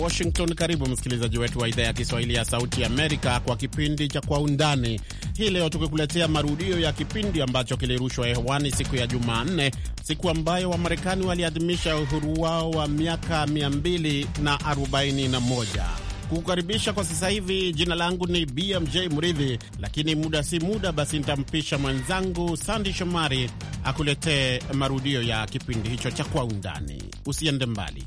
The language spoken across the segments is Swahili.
Washington. Karibu msikilizaji wetu wa idhaa ya Kiswahili ya Sauti Amerika kwa kipindi cha Kwa Undani hii leo, tukikuletea marudio ya kipindi ambacho kilirushwa hewani siku ya Jumanne, siku ambayo Wamarekani waliadhimisha uhuru wao wa miaka 241 kukukaribisha kwa sasa hivi. Jina langu ni BMJ Mridhi, lakini muda si muda basi nitampisha mwenzangu Sandi Shomari akuletee marudio ya kipindi hicho cha Kwa Undani. Usiende mbali.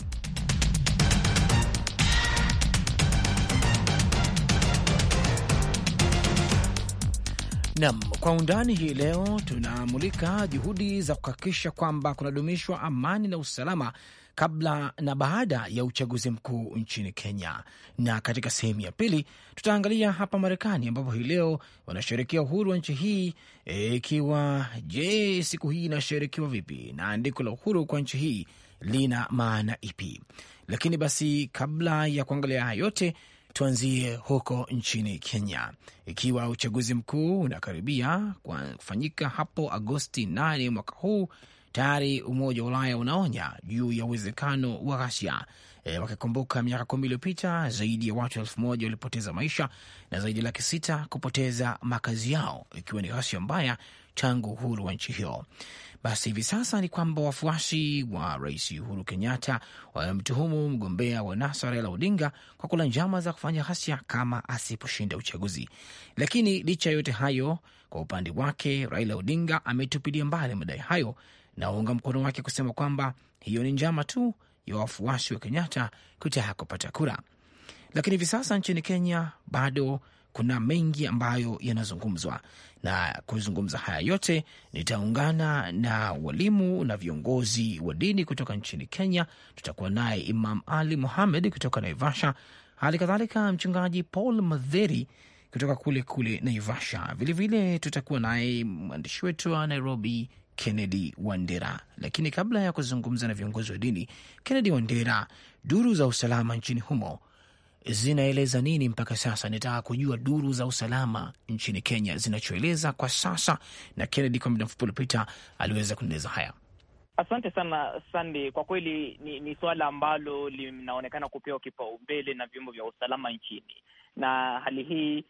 Nam kwa undani hii leo tunamulika juhudi za kuhakikisha kwamba kunadumishwa amani na usalama kabla na baada ya uchaguzi mkuu nchini Kenya, na katika sehemu ya pili tutaangalia hapa Marekani ambapo hii leo wanasherekea uhuru wa nchi hii e, ikiwa e, je, siku hii inasherekewa vipi na andiko la uhuru kwa nchi hii lina maana ipi? Lakini basi kabla ya kuangalia haya yote Tuanzie huko nchini Kenya, ikiwa uchaguzi mkuu unakaribia kufanyika hapo Agosti 8 mwaka huu. Tayari Umoja wa Ulaya unaonya juu ya uwezekano wa ghasia e, wakikumbuka miaka kumi iliyopita zaidi ya watu elfu moja walipoteza maisha na zaidi ya laki sita kupoteza makazi yao, ikiwa ni ghasia mbaya tangu uhuru wa nchi hiyo. Basi hivi sasa ni kwamba wafuasi wa Rais Uhuru Kenyatta wamemtuhumu mgombea wa NASA Raila Odinga kwa kula njama za kufanya ghasia kama asiposhinda uchaguzi. Lakini licha ya yote hayo, kwa upande wake Raila Odinga ametupilia mbali madai hayo na waunga mkono wake kusema kwamba hiyo ni njama tu ya wafuasi wa Kenyatta kutaka kupata kura. Lakini hivi sasa nchini Kenya bado kuna mengi ambayo yanazungumzwa, na kuzungumza haya yote nitaungana na walimu na viongozi wa dini kutoka nchini Kenya. Tutakuwa naye Imam Ali Muhamed kutoka Naivasha, hali kadhalika mchungaji Paul Madheri kutoka kule kule Naivasha. Vilevile tutakuwa naye mwandishi wetu wa Nairobi, Kennedy Wandera. Lakini kabla ya kuzungumza na viongozi wa dini, Kennedy Wandera, duru za usalama nchini humo zinaeleza nini mpaka sasa? Nataka kujua duru za usalama nchini Kenya zinachoeleza kwa sasa, na Kennedy kwa muda mfupi uliopita aliweza kunieleza haya. Asante sana sandi kwa kweli ni, ni suala ambalo linaonekana kupewa kipaumbele na vyombo vya usalama nchini, na hali hii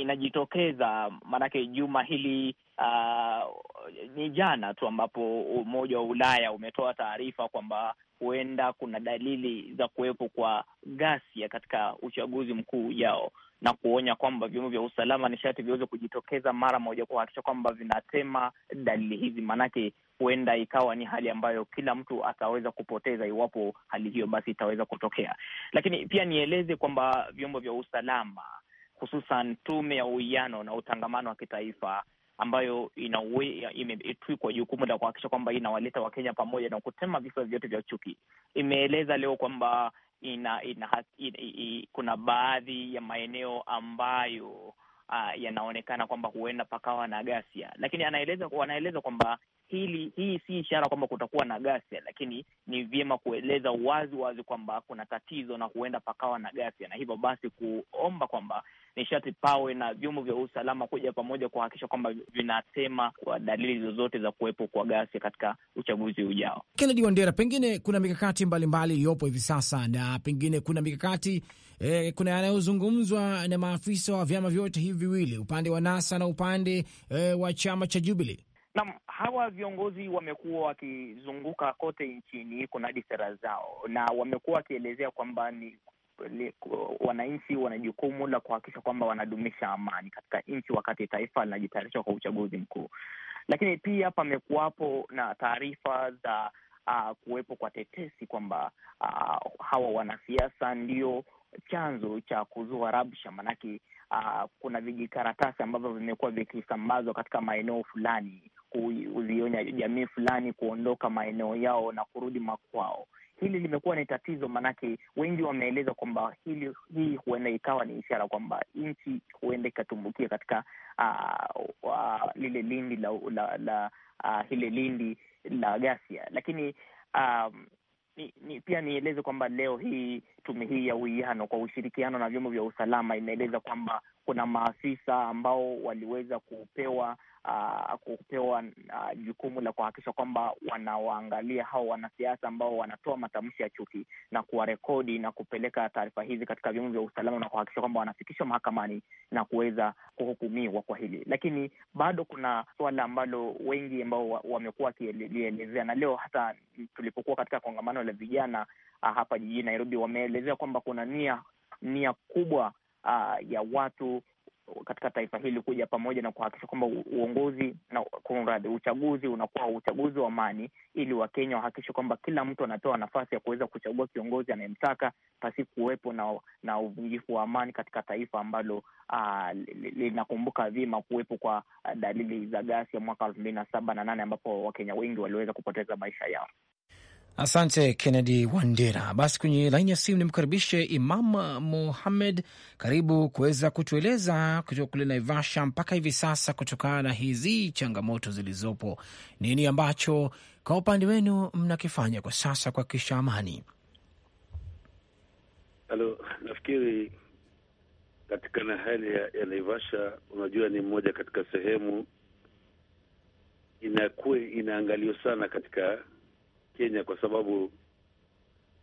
inajitokeza maanake juma hili uh, ni jana tu ambapo Umoja wa Ulaya umetoa taarifa kwamba huenda kuna dalili za kuwepo kwa ghasia katika uchaguzi mkuu ujao, na kuonya kwamba vyombo vya usalama ni viweze kujitokeza mara moja kuhakikisha kwamba vinatema dalili hizi, maanake huenda ikawa ni hali ambayo kila mtu ataweza kupoteza iwapo hali hiyo basi itaweza kutokea. Lakini pia nieleze kwamba vyombo vya usalama hususan Tume ya Uwiano na Utangamano wa Kitaifa ambayo imetwikwa jukumu la kuhakikisha kwamba inawaleta Wakenya pamoja na kutema visa vyote vya chuki, imeeleza leo kwamba ina, ina, ina, ina, kuna baadhi ya maeneo ambayo Uh, yanaonekana kwamba huenda pakawa na ghasia, lakini anaeleza wanaeleza kwamba hili hii si ishara kwamba kutakuwa na ghasia, lakini ni vyema kueleza wazi wazi kwamba kuna tatizo na huenda pakawa na ghasia, na hivyo basi kuomba kwamba nishati pawe na vyombo vya usalama kuja pamoja kuhakikisha kwamba vinasema kwa dalili zozote za kuwepo kwa ghasia katika uchaguzi ujao. Kennedy Wandera, pengine kuna mikakati mbalimbali iliyopo hivi sasa na pengine kuna mikakati eh, kuna yanayozungumzwa na maafisa wa vyama vyote hivi viwili, upande wa NASA na upande eh, wa chama cha Jubilee. Naam, hawa viongozi wamekuwa wakizunguka kote nchini kunadi sera zao, na wamekuwa wakielezea kwamba ni wananchi wana jukumu la kuhakikisha kwamba wanadumisha amani katika nchi wakati taifa linajitayarisha kwa uchaguzi mkuu. Lakini pia pamekuwapo na taarifa za uh, kuwepo kwa tetesi kwamba uh, hawa wanasiasa ndio chanzo cha kuzua rabsha, maanake uh, kuna vijikaratasi ambavyo vimekuwa vikisambazwa katika maeneo fulani kuzionya jamii fulani kuondoka maeneo yao na kurudi makwao hili limekuwa ni tatizo, maanake wengi wameeleza kwamba hili hii huenda ikawa ni ishara kwamba nchi huenda ikatumbukia katika uh, uh, lile lindi la, la, la uh, hile lindi la ghasia, lakini um, ni, ni, pia nieleze kwamba leo hii tume hii ya uwiano kwa ushirikiano na vyombo vya usalama imeeleza kwamba kuna maafisa ambao waliweza kupewa uh, kupewa uh, jukumu la kuhakikisha kwamba wanawaangalia hao wanasiasa ambao wanatoa matamshi ya chuki na kuwarekodi na kupeleka taarifa hizi katika vyombo vya usalama na kuhakikisha kwamba wanafikishwa mahakamani na kuweza kuhukumiwa kwa hili. Lakini bado kuna suala ambalo wengi ambao wamekuwa wakilielezea, na leo hata tulipokuwa katika kongamano la vijana uh, hapa jijini Nairobi, wameelezea kwamba kuna nia nia kubwa uh, ya watu katika taifa hili kuja pamoja na kuhakikisha kwamba uongozi na kumradhi, uchaguzi unakuwa uchaguzi wa amani, ili Wakenya wahakikishe kwamba kila mtu anapewa nafasi ya kuweza kuchagua kiongozi anayemtaka pasi kuwepo na, na uvunjifu wa amani katika taifa ambalo uh, linakumbuka vima kuwepo kwa uh, dalili za gasi ya mwaka elfu mbili na saba na nane ambapo Wakenya wengi waliweza kupoteza maisha yao. Asante Kennedy Wandera. Basi kwenye laini ya simu nimkaribishe Imam Muhammed, karibu kuweza kutueleza kutoka kule Naivasha mpaka hivi sasa, kutokana na hizi changamoto zilizopo, nini ambacho kwa upande wenu mnakifanya kwa sasa kuhakikisha amani? Halo, nafikiri katika na hali ya, ya Naivasha, unajua ni mmoja katika sehemu inakuwa inaangaliwa sana katika Kenya kwa sababu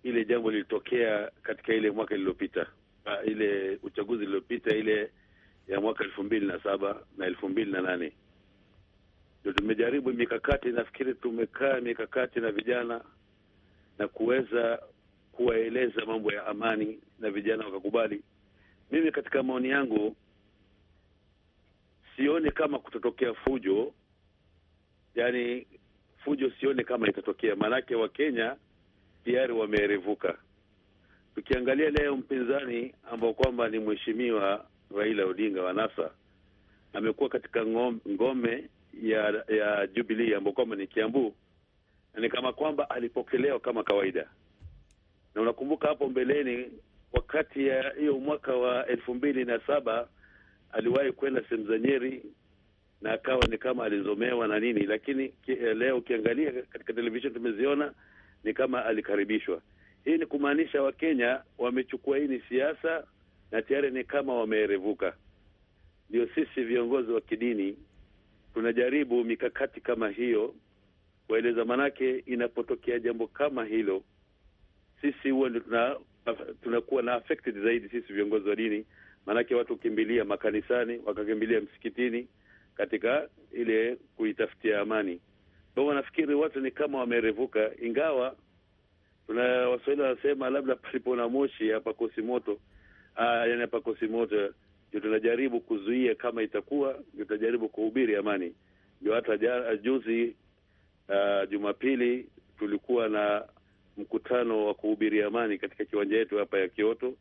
ile jambo lilitokea katika ile mwaka iliyopita, ah, ile uchaguzi iliyopita ile ya mwaka elfu mbili na saba na elfu mbili na nane ndio tumejaribu mikakati, nafikiri tumekaa mikakati na vijana na kuweza kuwaeleza mambo ya amani na vijana wakakubali. Mimi katika maoni yangu sioni kama kutotokea fujo, yani fujo sione kama itatokea, maanake Wakenya tayari wamerevuka. Tukiangalia leo mpinzani ambao kwamba ni mheshimiwa Raila Odinga wa NASA amekuwa katika ngome ya ya Jubilee ambao kwamba ni Kiambu, ni kama kwamba alipokelewa kama kawaida, na unakumbuka hapo mbeleni wakati ya hiyo mwaka wa elfu mbili na saba aliwahi kwenda sehemu za Nyeri na akawa ni kama alizomewa na nini, lakini eh, leo ukiangalia katika televisheni tumeziona ni kama alikaribishwa. Hii ni kumaanisha Wakenya wamechukua hii ni siasa na tayari ni kama wameerevuka. Ndio sisi viongozi wa kidini tunajaribu mikakati kama hiyo waeleza, manake inapotokea jambo kama hilo, sisi huwa ndio tuna tunakuwa na affected zaidi sisi viongozi wa dini, maanake watu hukimbilia makanisani, wakakimbilia msikitini katika ile kuitafutia amani. Kwa hivyo nafikiri watu ni kama wamerevuka, ingawa tuna Waswahili wanasema labda palipo na moshi hapakosi moto, ah, yani hapakosi moto. Ndio tunajaribu kuzuia, kama itakuwa ndio tunajaribu kuhubiri amani. Ndio hata juzi ah, Jumapili tulikuwa na mkutano wa kuhubiri amani katika kiwanja yetu hapa ya Kyoto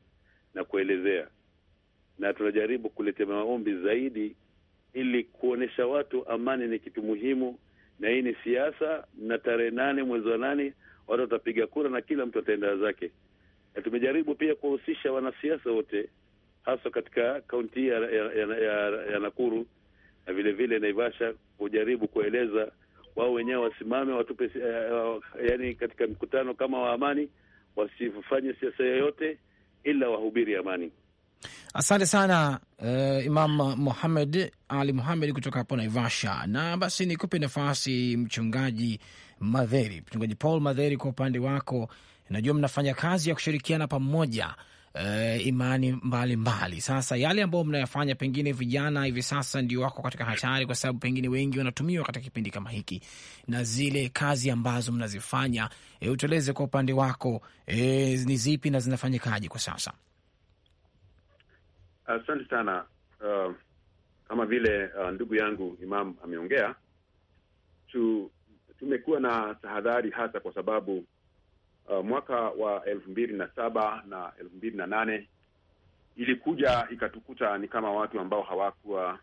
na kuelezea, na tunajaribu kuletea maombi zaidi ili kuonyesha watu amani ni kitu muhimu, na hii ni siasa, na tarehe nane mwezi wa nane watu watapiga kura na kila mtu ataenda zake. Na tumejaribu pia kuwahusisha wanasiasa wote, haswa katika kaunti hii ya, ya, ya, ya, ya Nakuru na vile vile Naivasha, kujaribu kueleza wao wenyewe wasimame, watupe uh, yani katika mkutano kama wa amani, wasifanye siasa yoyote ila wahubiri amani. Asante sana uh, Imam Muhamed Ali Muhamed kutoka hapo Naivasha. Na basi nikupe nafasi Mchungaji Madheri, Mchungaji Paul Madheri, kwa upande wako najua mnafanya kazi ya kushirikiana pamoja uh, imani mbalimbali mbali. Sasa yale ambayo mnayafanya, pengine vijana hivi sasa ndio wako katika hatari, kwa sababu pengine wengi wanatumiwa katika kipindi kama hiki, na zile kazi ambazo mnazifanya, e, utueleze kwa upande wako e, ni zipi na zinafanyikaje kwa sasa? Asante uh, sana uh, kama vile uh, ndugu yangu Imam ameongea tu, tumekuwa na tahadhari hasa kwa sababu uh, mwaka wa elfu mbili na saba na elfu mbili na nane ilikuja ikatukuta ni kama watu ambao hawakuwa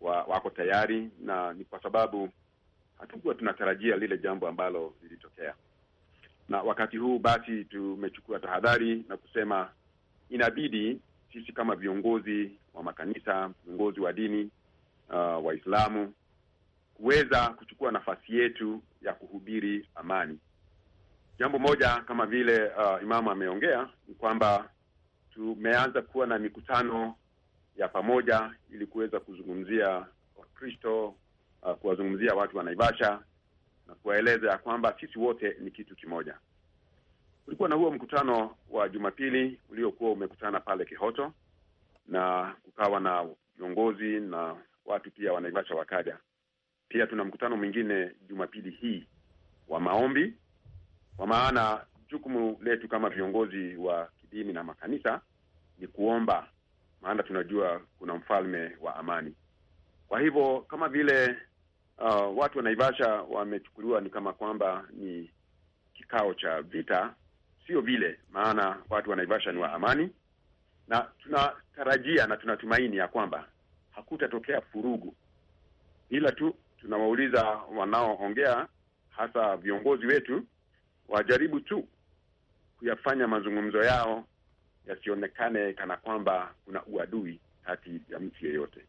wa, wako tayari, na ni kwa sababu hatukuwa tunatarajia lile jambo ambalo lilitokea, na wakati huu basi tumechukua tahadhari na kusema inabidi sisi kama viongozi wa makanisa, viongozi wa dini uh, Waislamu kuweza kuchukua nafasi yetu ya kuhubiri amani. Jambo moja kama vile uh, imamu ameongea ni kwamba tumeanza kuwa na mikutano ya pamoja ili kuweza kuzungumzia Wakristo uh, kuwazungumzia watu wa Naivasha na kuwaeleza ya kwamba sisi wote ni kitu kimoja kulikuwa na huo mkutano wa Jumapili uliokuwa umekutana pale Kihoto na kukawa na viongozi na watu pia wanaivasha wakaja. Pia tuna mkutano mwingine Jumapili hii wa maombi, kwa maana jukumu letu kama viongozi wa kidini na makanisa ni kuomba, maana tunajua kuna mfalme wa amani. Kwa hivyo kama vile uh, watu wanaivasha wamechukuliwa ni kama kwamba ni kikao cha vita, sio vile, maana watu wa Naivasha ni wa amani, na tunatarajia na tunatumaini ya kwamba hakutatokea furugu, ila tu tunawauliza wanaoongea, hasa viongozi wetu, wajaribu tu kuyafanya mazungumzo yao yasionekane kana kwamba kuna uadui kati ya mtu yeyote.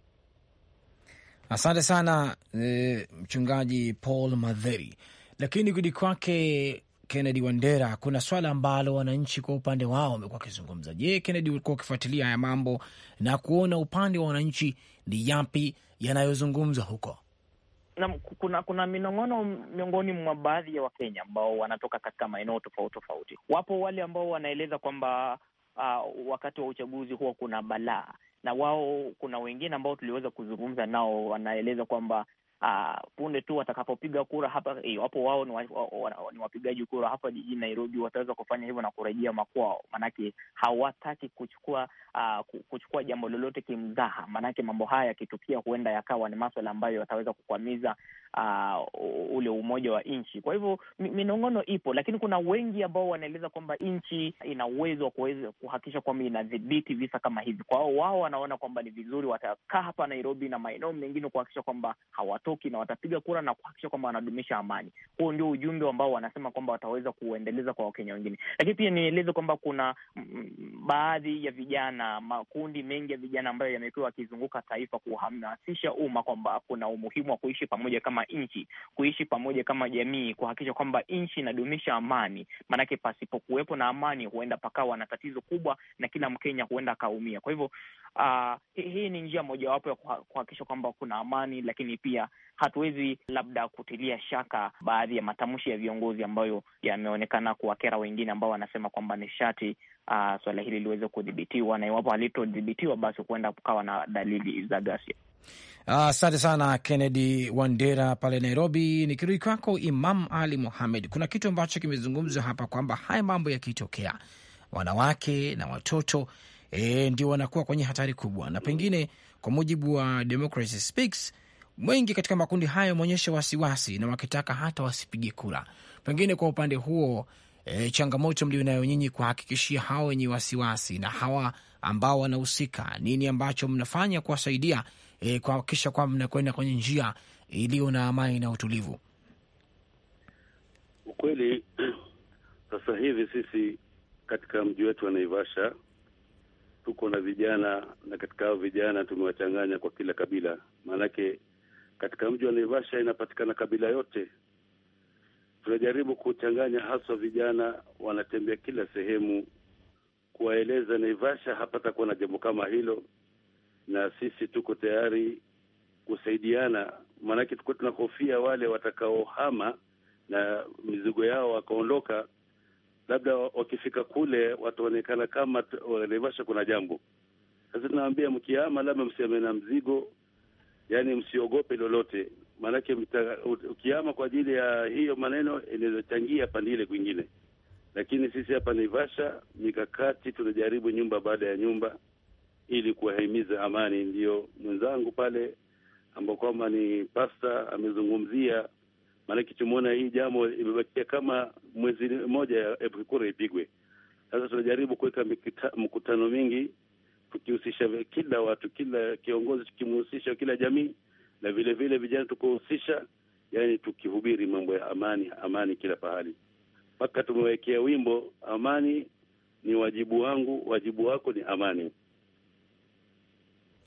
Asante sana e, mchungaji Paul Madheri. Lakini kudi kwake Kennedy Wandera, kuna swala ambalo wananchi kwa upande wao wamekuwa wakizungumza. Je, Kennedy, ulikuwa ukifuatilia haya mambo na kuona upande wa wananchi ni yapi yanayozungumzwa huko? Na kuna kuna minong'ono miongoni mwa baadhi ya Wakenya ambao wanatoka katika maeneo tofauti tofauti. Wapo wale ambao wanaeleza kwamba uh, wakati wa uchaguzi huwa kuna balaa, na wao kuna wengine ambao tuliweza kuzungumza nao wanaeleza kwamba uh, punde tu watakapopiga kura hapa, eh, iwapo wao ni, wa, wa, wa, ni wapigaji kura hapa jijini Nairobi, wataweza kufanya hivyo na kurejea makwao, maanake hawataki kuchukua uh, kuchukua jambo lolote kimzaha, maanake mambo haya yakitukia huenda yakawa ni maswala ambayo yataweza kukwamiza uh, ule umoja wa nchi. Kwa hivyo minong'ono ipo, lakini kuna wengi ambao wanaeleza kwamba nchi ina uwezo wa kuhakikisha kwamba inadhibiti visa kama hivi. Kwao wao wanaona kwamba ni vizuri watakaa hapa Nairobi na maeneo mengine kuhakikisha kwamba hawatu hawatoki na watapiga kura na kuhakikisha kwamba wanadumisha amani. Huo ndio ujumbe ambao wanasema kwamba wataweza kuuendeleza kwa Wakenya wengine. Lakini pia nieleze kwamba kuna mm, mm, baadhi ya vijana, makundi mengi ya vijana ambayo yamekuwa yakizunguka taifa kuhamasisha umma kwamba kuna umuhimu wa kuishi pamoja kama nchi, kuishi pamoja kama jamii, kuhakikisha kwamba nchi inadumisha amani, maanake pasipokuwepo na amani huenda pakawa na tatizo kubwa na kila Mkenya huenda akaumia. Kwa hivyo uh, hii ni njia mojawapo ya kuhakikisha kwamba kuna amani, lakini pia hatuwezi labda kutilia shaka baadhi ya matamshi ya viongozi ambayo yameonekana kuwakera wengine ambao wanasema kwamba nishati uh, ah, suala hili liweze kudhibitiwa, na iwapo halitodhibitiwa basi kuenda kukawa na dalili za ghasia. Asante uh, sana Kennedy Wandera pale Nairobi. Nikirudi kwako Imam Ali muhamed kuna kitu ambacho kimezungumzwa hapa kwamba haya mambo yakitokea, wanawake na watoto e, ndio wanakuwa kwenye hatari kubwa, na pengine kwa mujibu wa Democracy Speaks Wengi katika makundi hayo wameonyesha wasiwasi na wakitaka hata wasipige kura. Pengine kwa upande huo e, changamoto mlionayo nyinyi kuhakikishia hawa wenye wasiwasi na hawa ambao wanahusika, nini ambacho mnafanya kuwasaidia e, kuhakikisha kwamba mnakwenda kwenye njia iliyo na amani na utulivu? Ukweli sasa hivi sisi katika mji wetu wa Naivasha tuko na vijana na katika hao vijana tumewachanganya kwa kila kabila, maanake katika mji wa Naivasha inapatikana kabila yote. Tunajaribu kuchanganya, haswa vijana wanatembea kila sehemu, kuwaeleza Naivasha hapatakuwa na jambo kama hilo, na sisi tuko tayari kusaidiana, maanake tuko tunahofia wale watakaohama na mizigo yao wakaondoka, labda wakifika kule wataonekana kama Naivasha kuna jambo. Sasa tunawaambia mkihama, labda msiame na mzigo yani msiogope lolote, maanake ukiama kwa ajili ya hiyo maneno pande pandile kwingine. Lakini sisi hapa Naivasha, mikakati tunajaribu nyumba baada ya nyumba, ili kuwahimiza amani. Ndiyo mwenzangu pale ambao kwamba ni pasta amezungumzia, maanake tumeona hii jambo imebakia kama mwezi mmoja ya Epukura ipigwe. Sasa tunajaribu kuweka mkutano mingi kujihusisha kila watu, kila kiongozi tukimhusisha, kila jamii, na vile vile vijana tukuhusisha, yani tukihubiri mambo ya amani, amani kila pahali, mpaka tumewekea wimbo amani ni wajibu wangu, wajibu wako ni amani.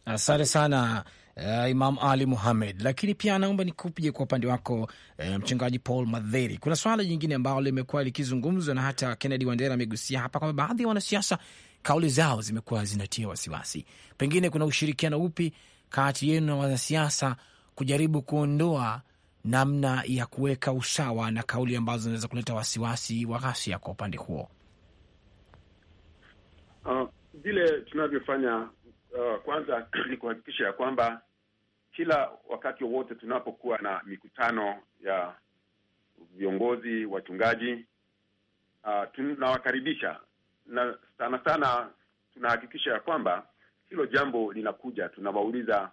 Asante sana uh, Imam Ali Muhamed. Lakini pia naomba nikupige kwa upande wako uh, mchungaji Paul Madheri. Kuna swala jingine ambalo limekuwa likizungumzwa na hata Kennedy Wandera amegusia hapa kwamba baadhi ya wanasiasa kauli zao zimekuwa zinatia wasiwasi. Pengine kuna ushirikiano upi kati yenu na wanasiasa kujaribu kuondoa namna ya kuweka usawa na kauli ambazo zinaweza kuleta wasiwasi wa ghasia kwa upande huo? Ah, vile uh, tunavyofanya uh, kwanza ni kuhakikisha ya kwamba kila wakati wowote tunapokuwa na mikutano ya viongozi wachungaji, uh, tunawakaribisha na sana sana tunahakikisha ya kwamba hilo jambo linakuja, tunawauliza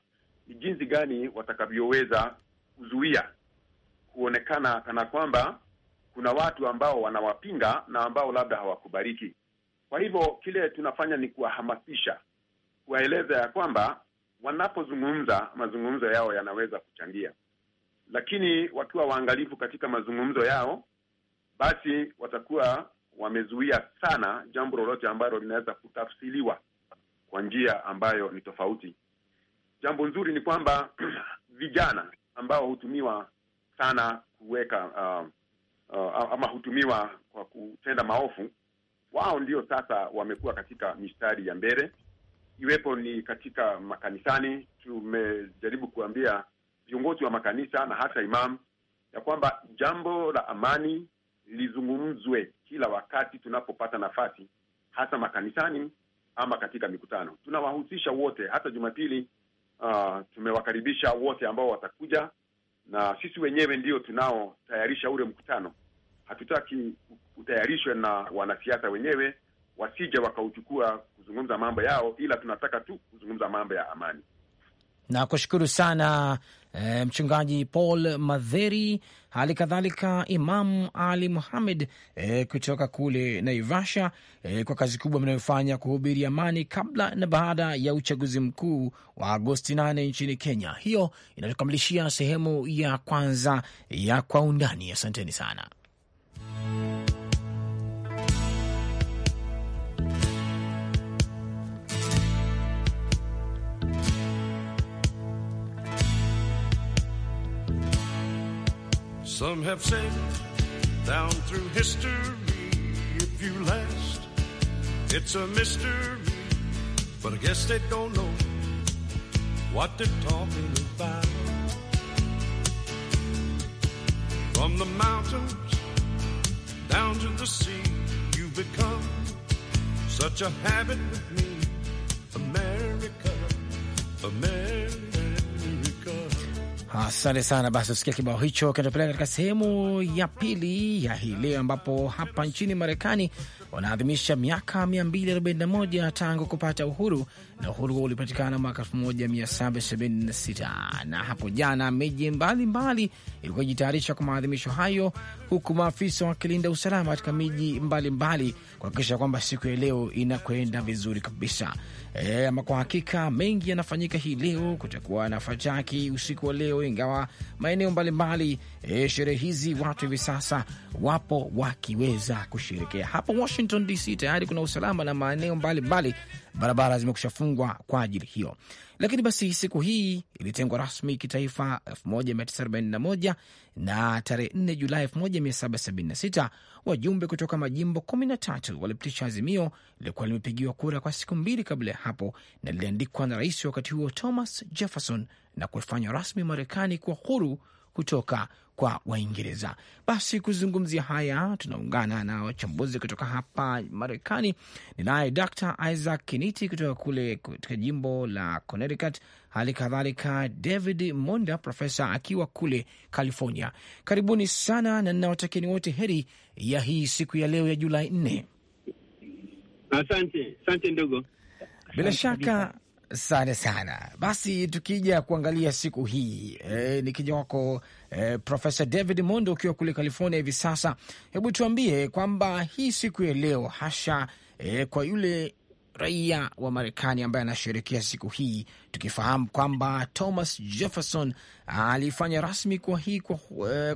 ni jinsi gani watakavyoweza kuzuia kuonekana kana kwamba kuna watu ambao wanawapinga na ambao labda hawakubariki. Kwa hivyo kile tunafanya ni kuwahamasisha, kuwaeleza ya kwamba wanapozungumza, mazungumzo yao yanaweza kuchangia, lakini wakiwa waangalifu katika mazungumzo yao, basi watakuwa wamezuia sana jambo lolote ambalo linaweza kutafsiriwa kwa njia ambayo ni tofauti. Jambo nzuri ni kwamba vijana ambao hutumiwa sana kuweka uh, uh, ama hutumiwa kwa kutenda maofu, wao ndio sasa wamekuwa katika mistari ya mbele, iwepo ni katika makanisani. Tumejaribu kuambia viongozi wa makanisa na hata imam ya kwamba jambo la amani lizungumzwe kila wakati tunapopata nafasi, hasa makanisani ama katika mikutano. Tunawahusisha wote. Hata Jumapili uh, tumewakaribisha wote ambao watakuja, na sisi wenyewe ndio tunaotayarisha ule mkutano. Hatutaki utayarishwe na wanasiasa wenyewe, wasije wakauchukua kuzungumza mambo yao, ila tunataka tu kuzungumza mambo ya amani. Nakushukuru sana e, mchungaji Paul Madheri, hali kadhalika Imamu Ali Muhamed e, eh, kutoka kule Naivasha e, kwa kazi kubwa mnayofanya kuhubiri amani kabla na baada ya uchaguzi mkuu wa Agosti 8 nchini Kenya. Hiyo inatukamilishia sehemu ya kwanza ya Kwa Undani. Asanteni sana. Some have said down through history, if you last, it's a mystery. But I guess they don't know what they're talking about. From the mountains down to the sea, you've become such a habit with me, America, America. Asante sana. Basi usikia kibao hicho kinatupeleka katika sehemu ya pili ya hii leo, ambapo hapa nchini Marekani wanaadhimisha miaka 241 tangu kupata uhuru, na uhuru huo ulipatikana mwaka 1776. Na hapo jana miji mbalimbali ilikuwa kwa maadhimisho hayo, huku maafisa wakilinda usalama katika miji mbalimbali kuhakikisha kwamba siku ya leo inakwenda vizuri kabisa. E, ama kwa hakika mengi yanafanyika hii leo. Kutakuwa na fataki usiku wa leo, ingawa maeneo mbalimbali e, sherehe hizi watu hivi sasa wapo wakiweza kusherekea hapo Washington. Washington DC tayari kuna usalama na maeneo mbalimbali barabara zimekusha fungwa kwa ajili hiyo. Lakini basi siku hii ilitengwa rasmi kitaifa 1941 na tarehe 4 Julai 1776 wajumbe kutoka majimbo 13 walipitisha azimio lilikuwa limepigiwa kura kwa siku mbili kabla ya hapo, na liliandikwa na rais wakati huo Thomas Jefferson na kufanywa rasmi Marekani kuwa huru kutoka kwa Waingereza. Basi kuzungumzia haya, tunaungana na wachambuzi kutoka hapa Marekani. Ninaye Dr Isaac Kiniti kutoka kule katika jimbo la Connecticut, hali kadhalika David Monda, profesa akiwa kule California. Karibuni sana na ninawatakieni wote heri ya hii siku ya leo ya Julai nne. Asante, asante ndogo. Bila shaka Asante sana. Basi tukija kuangalia siku hii e, eh, nikija kwako e, eh, Profesa David Mondo ukiwa kule California hivi sasa, hebu tuambie kwamba hii siku ya leo hasha e, kwa yule raia wa Marekani ambaye anasherekea siku hii, tukifahamu kwamba Thomas Jefferson alifanya rasmi kwa hii kwa,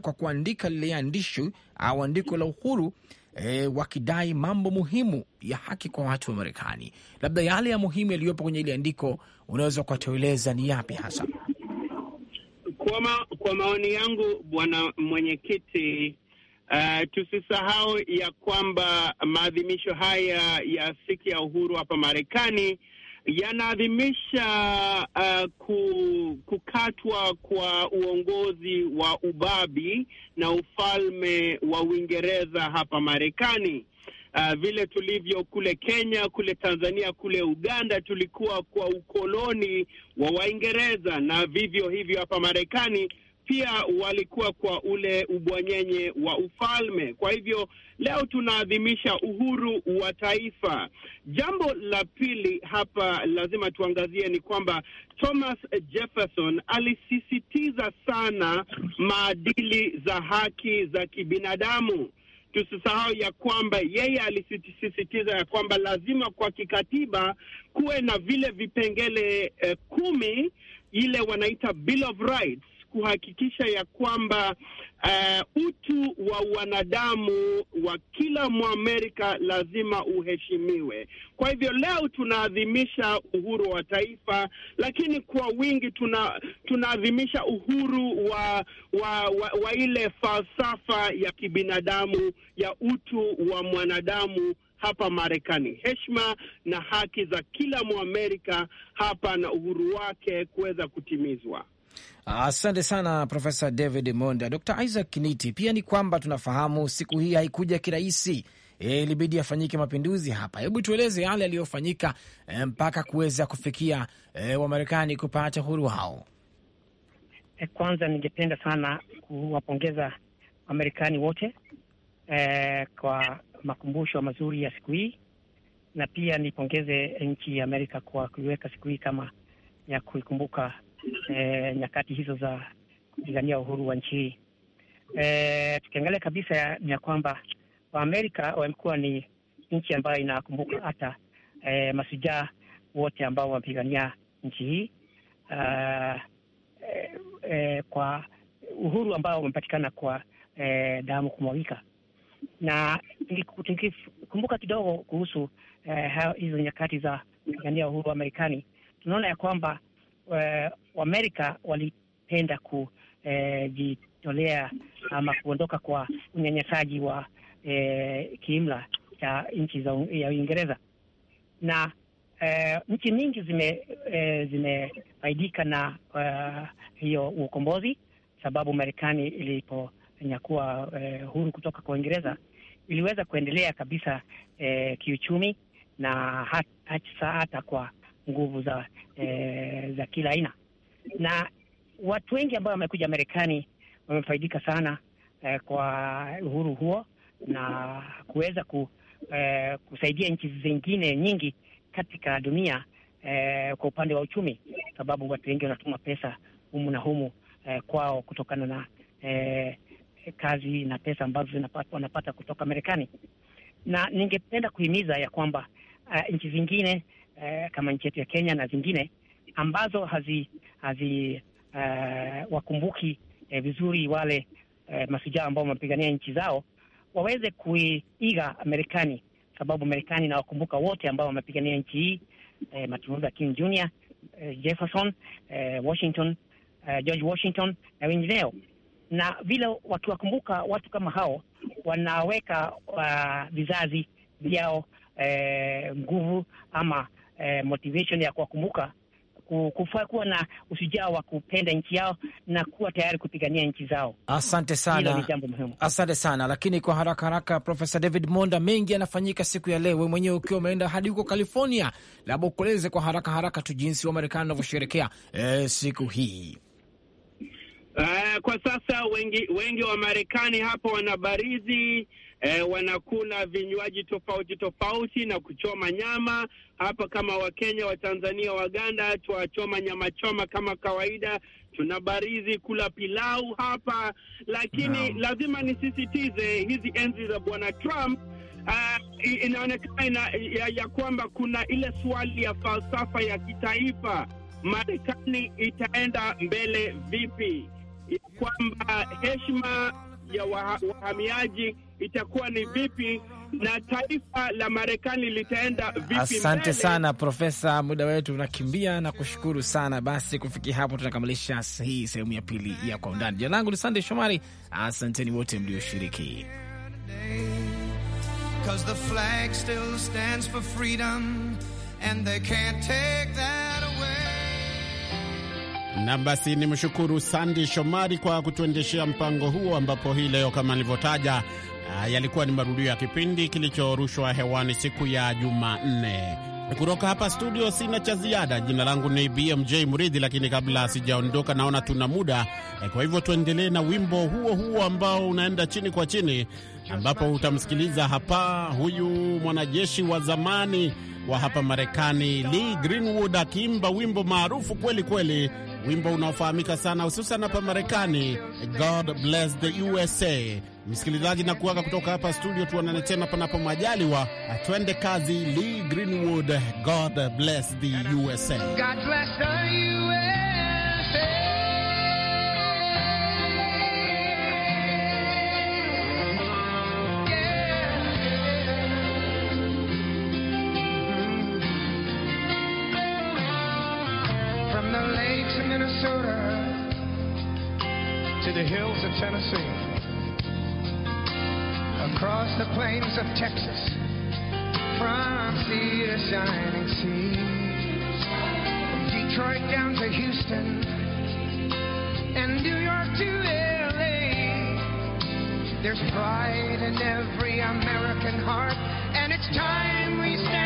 kwa kuandika lile andishi au andiko la uhuru e, wakidai mambo muhimu ya haki kwa watu wa Marekani. Labda yale ya muhimu yaliyopo kwenye ile andiko unaweza kutueleza ni yapi hasa? Kwa, ma, kwa maoni yangu bwana mwenyekiti, uh, tusisahau ya kwamba maadhimisho haya ya siku ya uhuru hapa Marekani yanaadhimisha uh, kukatwa kwa uongozi wa ubabi na ufalme wa Uingereza hapa Marekani. Uh, vile tulivyo kule Kenya, kule Tanzania, kule Uganda tulikuwa kwa ukoloni wa Waingereza, na vivyo hivyo hapa Marekani pia walikuwa kwa ule ubwanyenye wa ufalme. Kwa hivyo leo tunaadhimisha uhuru wa taifa. Jambo la pili hapa lazima tuangazie ni kwamba Thomas Jefferson alisisitiza sana maadili za haki za kibinadamu. Tusisahau ya kwamba yeye alisisitiza ya kwamba lazima kwa kikatiba kuwe na vile vipengele eh, kumi, ile wanaita Bill of Rights kuhakikisha ya kwamba uh, utu wa wanadamu wa kila Mwamerika lazima uheshimiwe. Kwa hivyo leo tunaadhimisha uhuru wa taifa, lakini kwa wingi tuna tunaadhimisha uhuru wa wa, wa wa ile falsafa ya kibinadamu ya utu wa mwanadamu hapa Marekani, heshima na haki za kila Mwamerika hapa na uhuru wake kuweza kutimizwa. Asante sana Profesa David Monda. Dr Isaac Kiniti, pia ni kwamba tunafahamu siku hii haikuja kirahisi, e, ilibidi e, afanyike mapinduzi hapa. Hebu tueleze yale yaliyofanyika e, mpaka kuweza kufikia e, Wamarekani kupata huru hao. E, kwanza ningependa sana kuwapongeza Wamarekani wote e, kwa makumbusho mazuri ya siku hii, na pia nipongeze nchi ya Amerika kwa kuiweka siku hii kama ya kuikumbuka e, nyakati hizo za kupigania uhuru wa nchi hii. Eh, e, tukiangalia kabisa ya, ya kwamba Waamerika wamekuwa ni nchi ambayo inakumbuka hata e, masujaa wote ambao wamepigania nchi hii uh, e, e, kwa uhuru ambao umepatikana kwa e, damu kumwagika na tukikumbuka kidogo kuhusu hizo nyakati za kupigania uhuru wa Marekani, tunaona ya kwamba eh, Waamerika walipenda kujitolea eh, ama kuondoka kwa unyanyasaji wa eh, kiimla cha nchi za ya Uingereza na eh, nchi nyingi zimefaidika eh, zimefaidika na eh, hiyo ukombozi, sababu Marekani iliponyakua eh, huru kutoka kwa Uingereza iliweza kuendelea kabisa eh, kiuchumi na hata hata kwa nguvu za eh, za kila aina na watu wengi ambao wamekuja Marekani wamefaidika sana eh, kwa uhuru huo na kuweza ku, eh, kusaidia nchi zingine nyingi katika dunia eh, kwa upande wa uchumi, sababu watu wengi wanatuma pesa humu na humu eh, kwao kutokana na eh, kazi na pesa ambazo wanapata kutoka Marekani. Na ningependa kuhimiza ya kwamba eh, nchi zingine eh, kama nchi yetu ya Kenya na zingine ambazo hazi, hazi uh, wakumbuki eh, vizuri wale eh, masujaa ambao wamepigania nchi zao waweze kuiiga Marekani, sababu Marekani inawakumbuka wote ambao wamepigania nchi hii eh, Martin Luther King Jr, eh, Jefferson, eh, Washington, eh, George Washington na wengineo, na vile wakiwakumbuka watu kama hao wanaweka uh, vizazi vyao eh, nguvu eh, ama eh, motivation ya kuwakumbuka kufaa kuwa na ushujaa wa kupenda nchi yao na kuwa tayari kupigania nchi zao. Asante sana, asante sana. Lakini kwa haraka haraka, Profesa David Monda, mengi yanafanyika siku ya leo, we mwenyewe ukiwa umeenda hadi huko California, labda ukueleze kwa haraka haraka tu jinsi Wamarekani wanavyosherekea e, siku hii. Uh, kwa sasa wengi wengi wa Marekani hapo wanabarizi e, wanakula vinywaji tofauti tofauti na kuchoma nyama hapa. Kama Wakenya, Watanzania, Waganda tuwachoma nyama choma kama kawaida, tuna barizi kula pilau hapa, lakini no. lazima nisisitize hizi enzi za bwana Trump Uh, inaonekana ina, ya, ya kwamba kuna ile swali ya falsafa ya kitaifa, Marekani itaenda mbele vipi, ya kwamba heshima ya wah, wahamiaji itakuwa ni vipi na taifa la Marekani litaenda vipi? Asante mbele sana Profesa, muda wetu unakimbia na kushukuru sana. Basi kufikia hapo tunakamilisha hii sehemu ya pili ya Kwa Undani. Jina langu ni Sandey Shomari, asanteni wote mlioshiriki. Na basi ni mshukuru Sandi Shomari kwa kutuendeshea mpango huo, ambapo hii leo kama nilivyotaja yalikuwa ni marudio ya kipindi kilichorushwa hewani siku ya Jumanne. Kutoka hapa studio sina cha ziada. Jina langu ni BMJ mridhi lakini kabla sijaondoka, naona tuna muda, eh, kwa hivyo tuendelee na wimbo huo huo ambao unaenda chini kwa chini, ambapo utamsikiliza hapa huyu mwanajeshi wa zamani wa hapa Marekani Lee Greenwood akiimba wimbo maarufu kweli kweli, wimbo unaofahamika sana hususan hapa Marekani, God Bless the USA. Msikilizaji na kuaga kutoka hapa studio, tuonane tena panapo majaliwa. Twende kazi. Lee Greenwood, God bless the USA. God bless the USA. Minnesota to the hills of Tennessee. the plains of Texas, from sea to shining sea. From Detroit down to Houston, and New York to LA. There's pride in every American heart, and it's time we stand.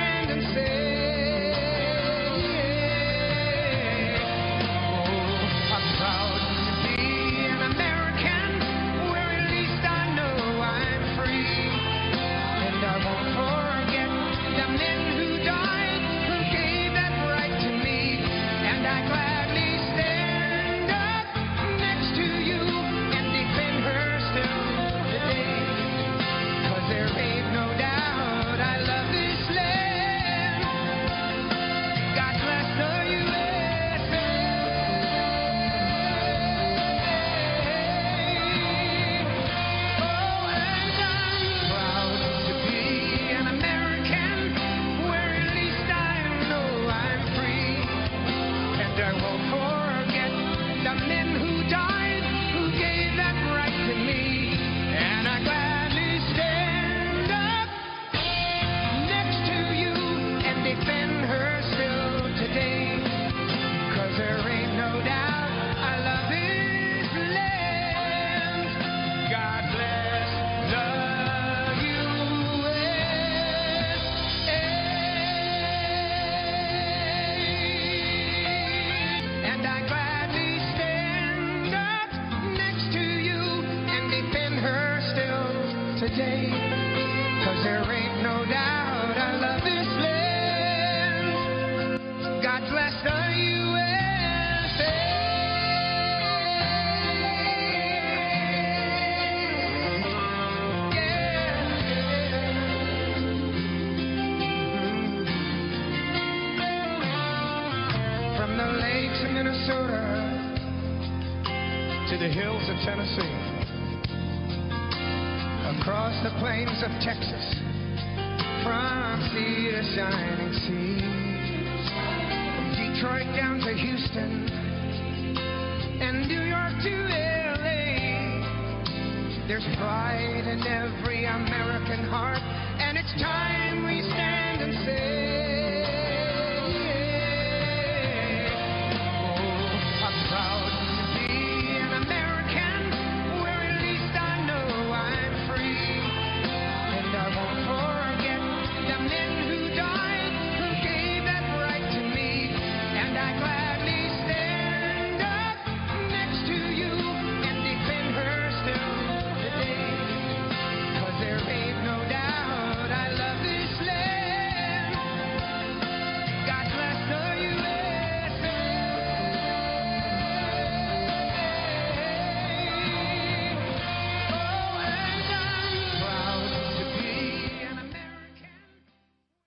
down to Houston and New York to LA. There's pride in every American heart, and it's time we stand.